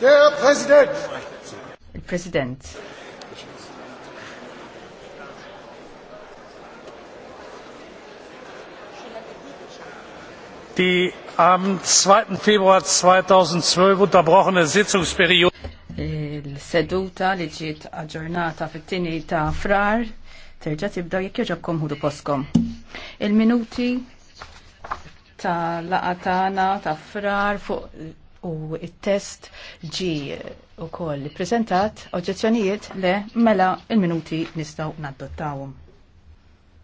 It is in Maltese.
Der Präsident! President. Die am 2. Februar 2012 unterbrochene Sitzungsperiode. Il-seduta li ġiet aġġornata fit-tieni ta' frar terġa' tibda jekk jogħġobkom ħudu poskom. Il-minuti ta' laqatana ta' frar fuq u il-test ġi u koll prezentat oġezzjonijiet le mela il-minuti nistaw naddottawum.